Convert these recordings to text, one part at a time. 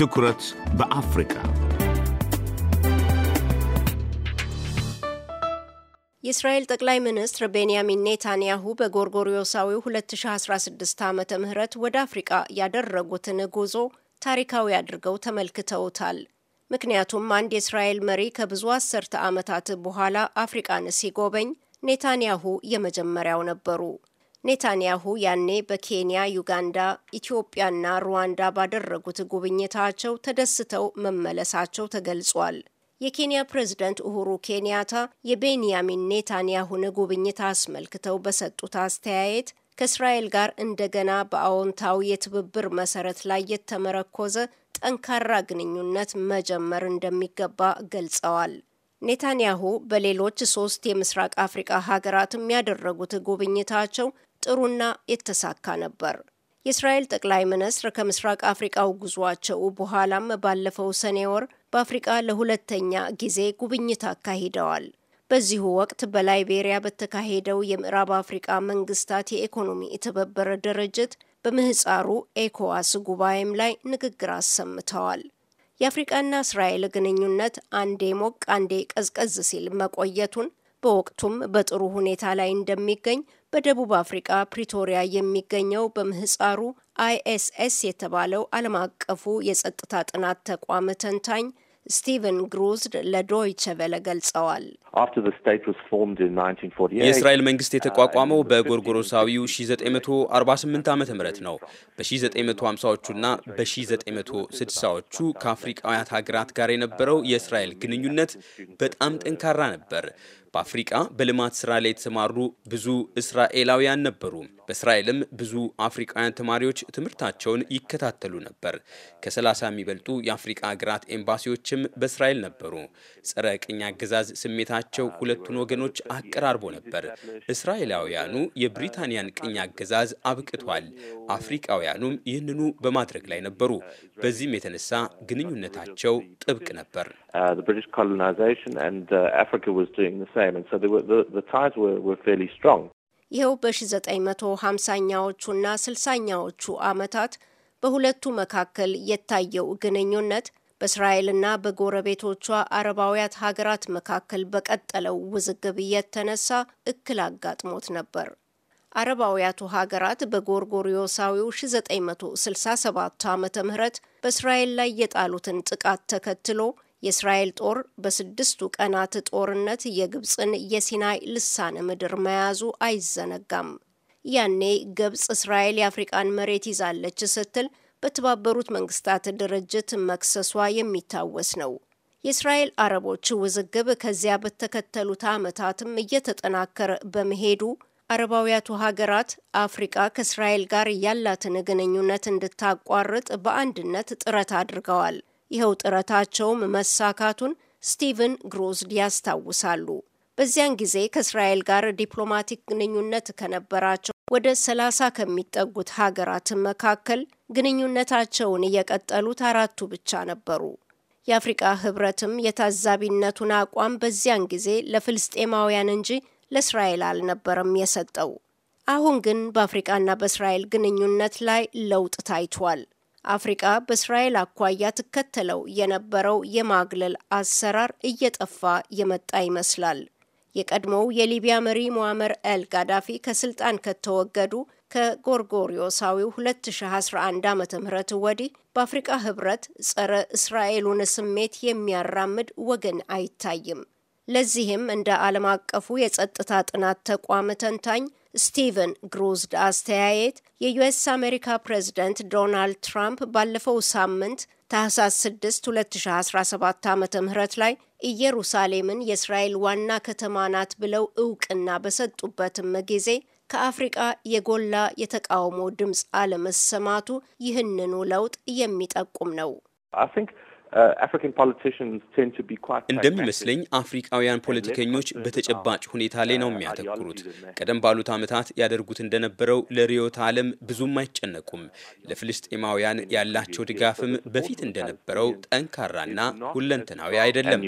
ትኩረት በአፍሪካ የእስራኤል ጠቅላይ ሚኒስትር ቤንያሚን ኔታንያሁ በጎርጎሪዮሳዊው 2016 ዓ ም ወደ አፍሪቃ ያደረጉትን ጉዞ ታሪካዊ አድርገው ተመልክተውታል። ምክንያቱም አንድ የእስራኤል መሪ ከብዙ አስርተ ዓመታት በኋላ አፍሪቃን ሲጎበኝ ኔታንያሁ የመጀመሪያው ነበሩ። ኔታንያሁ ያኔ በኬንያ፣ ዩጋንዳ፣ ኢትዮጵያና ሩዋንዳ ባደረጉት ጉብኝታቸው ተደስተው መመለሳቸው ተገልጿል። የኬንያ ፕሬዝደንት ኡሁሩ ኬንያታ የቤንያሚን ኔታንያሁን ጉብኝት አስመልክተው በሰጡት አስተያየት ከእስራኤል ጋር እንደገና በአዎንታዊ የትብብር መሰረት ላይ የተመረኮዘ ጠንካራ ግንኙነት መጀመር እንደሚገባ ገልጸዋል። ኔታንያሁ በሌሎች ሶስት የምስራቅ አፍሪቃ ሀገራት ያደረጉት ጉብኝታቸው ጥሩና የተሳካ ነበር። የእስራኤል ጠቅላይ ሚኒስትር ከምስራቅ አፍሪቃው ጉዟቸው በኋላም ባለፈው ሰኔ ወር በአፍሪቃ ለሁለተኛ ጊዜ ጉብኝት አካሂደዋል። በዚሁ ወቅት በላይቤሪያ በተካሄደው የምዕራብ አፍሪቃ መንግስታት የኢኮኖሚ የተበበረ ድርጅት በምህፃሩ ኤኮዋስ ጉባኤም ላይ ንግግር አሰምተዋል። የአፍሪቃና እስራኤል ግንኙነት አንዴ ሞቅ አንዴ ቀዝቀዝ ሲል መቆየቱን በወቅቱም በጥሩ ሁኔታ ላይ እንደሚገኝ በደቡብ አፍሪቃ ፕሪቶሪያ የሚገኘው በምህፃሩ አይኤስኤስ የተባለው ዓለም አቀፉ የጸጥታ ጥናት ተቋም ተንታኝ ስቲቨን ግሩዝድ ለዶይቸ ቬለ ገልጸዋል። የእስራኤል መንግስት uh, የተቋቋመው በጎርጎሮሳዊው 1948 ዓ ም ነው። በ1950ዎቹና በ1960ዎቹ ከአፍሪቃውያት ሀገራት ጋር የነበረው የእስራኤል ግንኙነት በጣም ጠንካራ ነበር። በአፍሪቃ በልማት ስራ ላይ የተሰማሩ ብዙ እስራኤላውያን ነበሩ። በእስራኤልም ብዙ አፍሪቃውያን ተማሪዎች ትምህርታቸውን ይከታተሉ ነበር። ከ30 የሚበልጡ የአፍሪቃ ሀገራት ኤምባሲዎችም በእስራኤል ነበሩ። ጸረ ቅኝ አገዛዝ ስሜታቸው ሁለቱን ወገኖች አቀራርቦ ነበር። እስራኤላውያኑ የብሪታንያን ቅኝ አገዛዝ አብቅቷል፣ አፍሪቃውያኑም ይህንኑ በማድረግ ላይ ነበሩ። በዚህም የተነሳ ግንኙነታቸው ጥብቅ ነበር። Uh, the British colonization, and uh, Africa was doing the same. And so were, the, the ties were, were fairly strong. ይኸው በ1950ኛዎቹና 60ኛዎቹ ዓመታት በሁለቱ መካከል የታየው ግንኙነት በእስራኤልና በጎረቤቶቿ አረባውያት ሀገራት መካከል በቀጠለው ውዝግብ የተነሳ እክል አጋጥሞት ነበር። አረባውያቱ ሀገራት በጎርጎሪዮሳዊው 1967 ዓ ም በእስራኤል ላይ የጣሉትን ጥቃት ተከትሎ የእስራኤል ጦር በስድስቱ ቀናት ጦርነት የግብፅን የሲናይ ልሳነ ምድር መያዙ አይዘነጋም። ያኔ ግብፅ እስራኤል የአፍሪቃን መሬት ይዛለች ስትል በተባበሩት መንግስታት ድርጅት መክሰሷ የሚታወስ ነው። የእስራኤል አረቦች ውዝግብ ከዚያ በተከተሉት ዓመታትም እየተጠናከረ በመሄዱ አረባውያቱ ሀገራት አፍሪቃ ከእስራኤል ጋር ያላትን ግንኙነት እንድታቋርጥ በአንድነት ጥረት አድርገዋል። ይኸው ጥረታቸውም መሳካቱን ስቲቨን ግሮዝ ያስታውሳሉ። በዚያን ጊዜ ከእስራኤል ጋር ዲፕሎማቲክ ግንኙነት ከነበራቸው ወደ 30 ከሚጠጉት ሀገራት መካከል ግንኙነታቸውን የቀጠሉት አራቱ ብቻ ነበሩ። የአፍሪቃ ህብረትም የታዛቢነቱን አቋም በዚያን ጊዜ ለፍልስጤማውያን እንጂ ለእስራኤል አልነበረም የሰጠው። አሁን ግን በአፍሪቃና በእስራኤል ግንኙነት ላይ ለውጥ ታይቷል። አፍሪቃ በእስራኤል አኳያ ትከተለው የነበረው የማግለል አሰራር እየጠፋ የመጣ ይመስላል። የቀድሞው የሊቢያ መሪ ሙአመር አል ጋዳፊ ከስልጣን ከተወገዱ ከጎርጎሪዮሳዊው 2011 ዓ ም ወዲህ በአፍሪቃ ህብረት ጸረ እስራኤሉን ስሜት የሚያራምድ ወገን አይታይም። ለዚህም እንደ ዓለም አቀፉ የጸጥታ ጥናት ተቋም ተንታኝ ስቲቨን ግሩዝድ አስተያየት የዩኤስ አሜሪካ ፕሬዝደንት ዶናልድ ትራምፕ ባለፈው ሳምንት ታህሳስ 6 2017 ዓ ም ላይ ኢየሩሳሌምን የእስራኤል ዋና ከተማ ናት ብለው እውቅና በሰጡበትም ጊዜ ከአፍሪቃ የጎላ የተቃውሞ ድምፅ አለመሰማቱ ይህንኑ ለውጥ የሚጠቁም ነው። Uh, እንደሚመስለኝ አፍሪካውያን ፖለቲከኞች በተጨባጭ ሁኔታ ላይ ነው uh, የሚያተኩሩት። ቀደም ባሉት ዓመታት ያደርጉት እንደነበረው ለርዕዮተ ዓለም ብዙም አይጨነቁም። ለፍልስጤማውያን ያላቸው ድጋፍም በፊት እንደነበረው ጠንካራና ሁለንተናዊ አይደለም።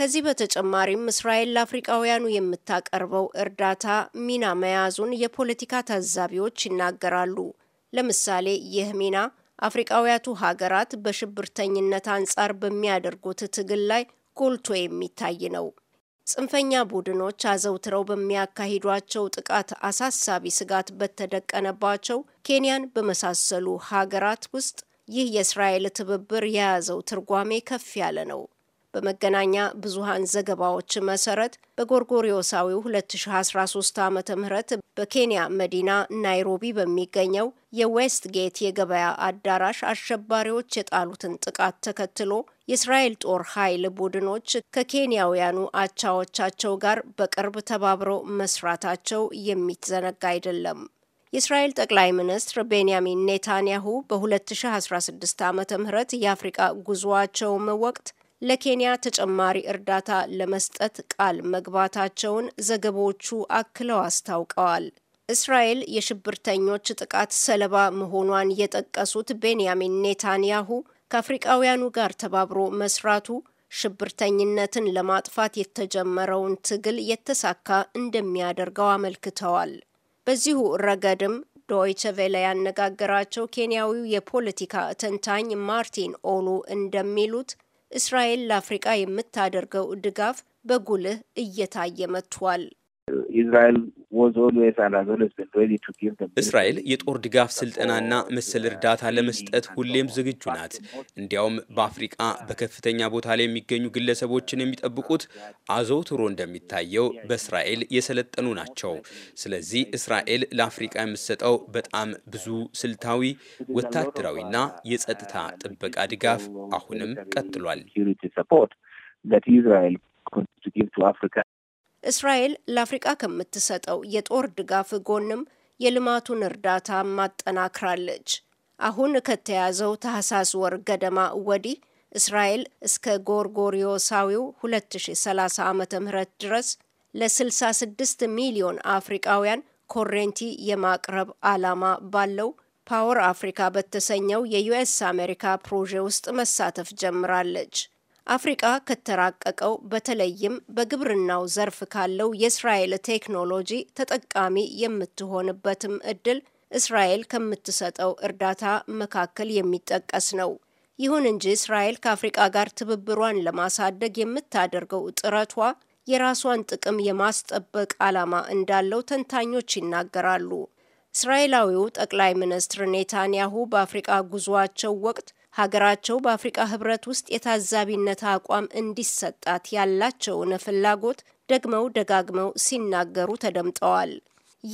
ከዚህ በተጨማሪም እስራኤል ለአፍሪካውያኑ የምታቀርበው እርዳታ ሚና መያዙን የፖለቲካ ታዛቢዎች ይናገራሉ። ለምሳሌ ይህ ሚና አፍሪቃውያቱ ሀገራት በሽብርተኝነት አንጻር በሚያደርጉት ትግል ላይ ጎልቶ የሚታይ ነው። ጽንፈኛ ቡድኖች አዘውትረው በሚያካሂዷቸው ጥቃት አሳሳቢ ስጋት በተደቀነባቸው ኬንያን በመሳሰሉ ሀገራት ውስጥ ይህ የእስራኤል ትብብር የያዘው ትርጓሜ ከፍ ያለ ነው። በመገናኛ ብዙሃን ዘገባዎች መሰረት በጎርጎሪዮሳዊው 2013 ዓ ም በኬንያ መዲና ናይሮቢ በሚገኘው የዌስት ጌት የገበያ አዳራሽ አሸባሪዎች የጣሉትን ጥቃት ተከትሎ የእስራኤል ጦር ኃይል ቡድኖች ከኬንያውያኑ አቻዎቻቸው ጋር በቅርብ ተባብረው መስራታቸው የሚዘነጋ አይደለም። የእስራኤል ጠቅላይ ሚኒስትር ቤንያሚን ኔታንያሁ በ2016 ዓ ም የአፍሪቃ ጉዞአቸውም ወቅት ለኬንያ ተጨማሪ እርዳታ ለመስጠት ቃል መግባታቸውን ዘገባዎቹ አክለው አስታውቀዋል። እስራኤል የሽብርተኞች ጥቃት ሰለባ መሆኗን የጠቀሱት ቤንያሚን ኔታንያሁ ከአፍሪቃውያኑ ጋር ተባብሮ መስራቱ ሽብርተኝነትን ለማጥፋት የተጀመረውን ትግል የተሳካ እንደሚያደርገው አመልክተዋል። በዚሁ ረገድም ዶይቸ ቬለ ያነጋገራቸው ኬንያዊው የፖለቲካ ተንታኝ ማርቲን ኦሉ እንደሚሉት እስራኤል ለአፍሪቃ የምታደርገው ድጋፍ በጉልህ እየታየ መጥቷል። እስራኤል የጦር ድጋፍ ስልጠናና መሰል እርዳታ ለመስጠት ሁሌም ዝግጁ ናት። እንዲያውም በአፍሪቃ በከፍተኛ ቦታ ላይ የሚገኙ ግለሰቦችን የሚጠብቁት አዘውትሮ እንደሚታየው በእስራኤል የሰለጠኑ ናቸው። ስለዚህ እስራኤል ለአፍሪቃ የምትሰጠው በጣም ብዙ ስልታዊ ወታደራዊና የጸጥታ ጥበቃ ድጋፍ አሁንም ቀጥሏል። እስራኤል ለአፍሪቃ ከምትሰጠው የጦር ድጋፍ ጎንም የልማቱን እርዳታ ማጠናክራለች። አሁን ከተያዘው ታህሳስ ወር ገደማ ወዲህ እስራኤል እስከ ጎርጎሪዮሳዊው 2030 ዓ ም ድረስ ለ66 ሚሊዮን አፍሪቃውያን ኮሬንቲ የማቅረብ ዓላማ ባለው ፓወር አፍሪካ በተሰኘው የዩኤስ አሜሪካ ፕሮጄ ውስጥ መሳተፍ ጀምራለች። አፍሪቃ ከተራቀቀው በተለይም በግብርናው ዘርፍ ካለው የእስራኤል ቴክኖሎጂ ተጠቃሚ የምትሆንበትም እድል እስራኤል ከምትሰጠው እርዳታ መካከል የሚጠቀስ ነው። ይሁን እንጂ እስራኤል ከአፍሪቃ ጋር ትብብሯን ለማሳደግ የምታደርገው ጥረቷ የራሷን ጥቅም የማስጠበቅ ዓላማ እንዳለው ተንታኞች ይናገራሉ። እስራኤላዊው ጠቅላይ ሚኒስትር ኔታንያሁ በአፍሪቃ ጉዟቸው ወቅት ሀገራቸው በአፍሪቃ ህብረት ውስጥ የታዛቢነት አቋም እንዲሰጣት ያላቸውን ፍላጎት ደግመው ደጋግመው ሲናገሩ ተደምጠዋል።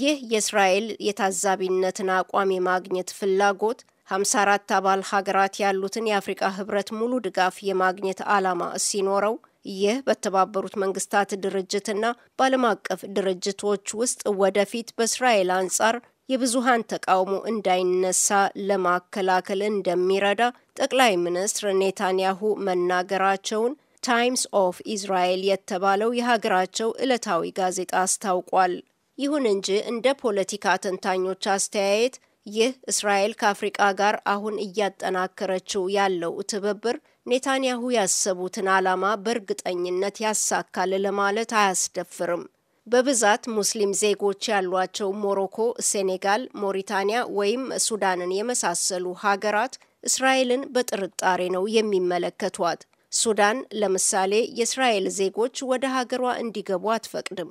ይህ የእስራኤል የታዛቢነትን አቋም የማግኘት ፍላጎት 54 አባል ሀገራት ያሉትን የአፍሪቃ ህብረት ሙሉ ድጋፍ የማግኘት ዓላማ ሲኖረው ይህ በተባበሩት መንግስታት ድርጅትና በዓለም አቀፍ ድርጅቶች ውስጥ ወደፊት በእስራኤል አንጻር የብዙሃን ተቃውሞ እንዳይነሳ ለማከላከል እንደሚረዳ ጠቅላይ ሚኒስትር ኔታንያሁ መናገራቸውን ታይምስ ኦፍ ኢዝራኤል የተባለው የሀገራቸው ዕለታዊ ጋዜጣ አስታውቋል። ይሁን እንጂ እንደ ፖለቲካ ተንታኞች አስተያየት ይህ እስራኤል ከአፍሪቃ ጋር አሁን እያጠናከረችው ያለው ትብብር ኔታንያሁ ያሰቡትን ዓላማ በእርግጠኝነት ያሳካል ለማለት አያስደፍርም። በብዛት ሙስሊም ዜጎች ያሏቸው ሞሮኮ፣ ሴኔጋል፣ ሞሪታንያ ወይም ሱዳንን የመሳሰሉ ሀገራት እስራኤልን በጥርጣሬ ነው የሚመለከቷት። ሱዳን ለምሳሌ የእስራኤል ዜጎች ወደ ሀገሯ እንዲገቡ አትፈቅድም።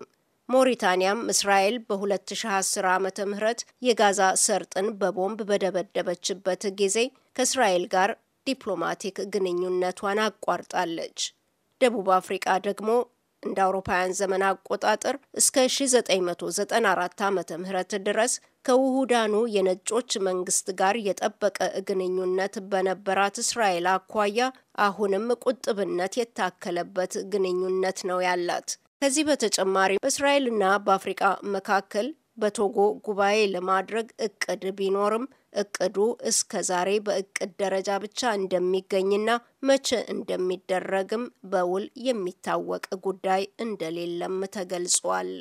ሞሪታንያም እስራኤል በ2010 ዓ ም የጋዛ ሰርጥን በቦምብ በደበደበችበት ጊዜ ከእስራኤል ጋር ዲፕሎማቲክ ግንኙነቷን አቋርጣለች። ደቡብ አፍሪቃ ደግሞ እንደ አውሮፓውያን ዘመን አቆጣጠር እስከ 1994 ዓ ም ድረስ ከውሁዳኑ የነጮች መንግስት ጋር የጠበቀ ግንኙነት በነበራት እስራኤል አኳያ አሁንም ቁጥብነት የታከለበት ግንኙነት ነው ያላት። ከዚህ በተጨማሪ በእስራኤልና በአፍሪቃ መካከል በቶጎ ጉባኤ ለማድረግ እቅድ ቢኖርም እቅዱ እስከ ዛሬ በእቅድ ደረጃ ብቻ እንደሚገኝና መቼ እንደሚደረግም በውል የሚታወቅ ጉዳይ እንደሌለም ተገልጿል።